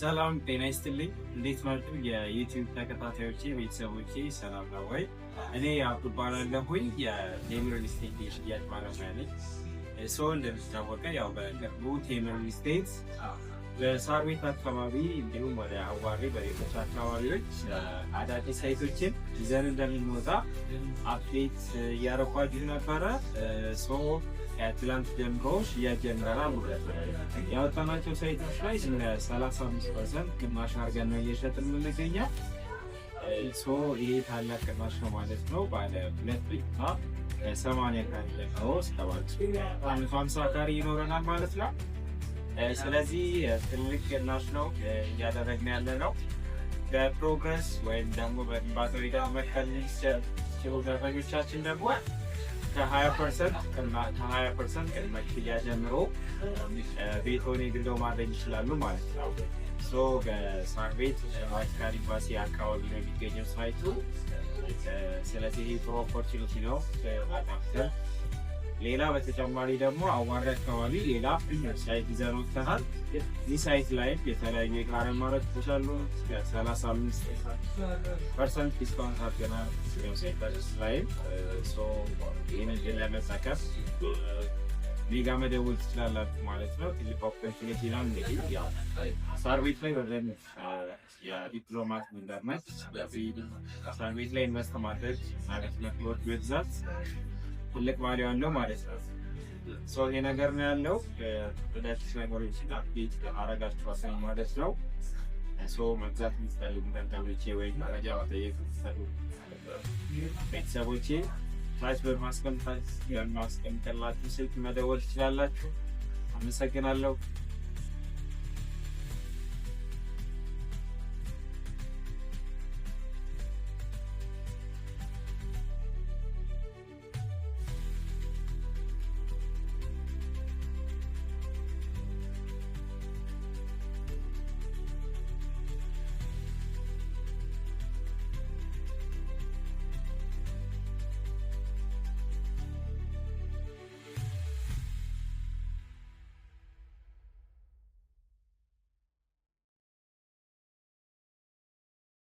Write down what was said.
ሰላም ጤና ይስጥልኝ። እንዴት ናችሁ? የዩቲዩብ ተከታታዮቼ ቤተሰቦቼ፣ ሰላም ነው ወይ? እኔ አብዱ እባላለሁኝ የቴምር ሪል ስቴት የሽያጭ ባለሙያ ነኝ። ሰው እንደሚታወቀው ያው በቅርቡ ቴምር ሪል ስቴት በሳር ቤት አካባቢ እንዲሁም ወደ አዋሬ በሌሎች አካባቢዎች አዳዲስ ሳይቶችን ይዘን እንደምንወጣ አፕዴት እያረኳችሁ ነበረ። ከትላንት ጀምሮ ሽያጭ ጀምረናል ሙለት ነው። ያወጣናቸው ሳይቶች ላይ ስለ 35 ፐርሰንት ግማሽ አድርገን ነው እየሸጥን የምንገኘው። ይሄ ታላቅ ቅናሽ ነው ማለት ነው። ባለ ሁለት ብቻ ሰማንያ ካሬ ጀምሮ እስከ ባለ ሃምሳ ካሪ ይኖረናል ማለት ነው። ስለዚህ ትልቅ ቅናሽ ነው እያደረግን ያለ ነው። በፕሮግረስ ወይም ደግሞ በግንባታ ሪዳ ሲሆ ችሎጋፈኞቻችን ደግሞ ከሀያ ፐርሰንት ቅድመ ክፍያ ጀምሮ ቤቶን የግለው ማድረግ ይችላሉ ማለት ነው። በሳር ቤት አሜሪካ ኤምባሲ አካባቢ ነው የሚገኘው ሳይቱ። ስለዚህ ይህ ኦፖርቹኒቲ ነው። ሌላ በተጨማሪ ደግሞ አዋሪ አካባቢ ሌላ ሳይት ይዘን እዚህ ሳይት ላይ የተለያዩ የጋራ ማረት ይችላሉ። እስከ 35 ፐርሰንት ዲስካውንት አድርገናል። ሳይት ላይ ይህንን ለመጠቀም ሜጋ መደወል ትችላላችሁ ማለት ነው። ትልቅ ኦፖርቹኒቲ ነው። እንግዲህ ሳር ቤት ላይ በደንብ የዲፕሎማት ሳር ቤት ላይ ኢንቨስት ማድረግ ማለት ትልቅ ቫሊዩ አለው ማለት ነው። ሰው ይሄ ነገር ነው ያለው። ሁለት ሜሞሪዎች አፕዴት አረጋችሁ አሰኝ ማለት ነው። ሰው መግዛት የሚፈልጉ ደንበኞቼ ወይ መረጃ መጠየቅ የሚፈልጉ ቤተሰቦቼ ታች በማስቀምጣችሁ በማስቀምጠላችሁ ስልክ መደወል ትችላላችሁ። አመሰግናለሁ።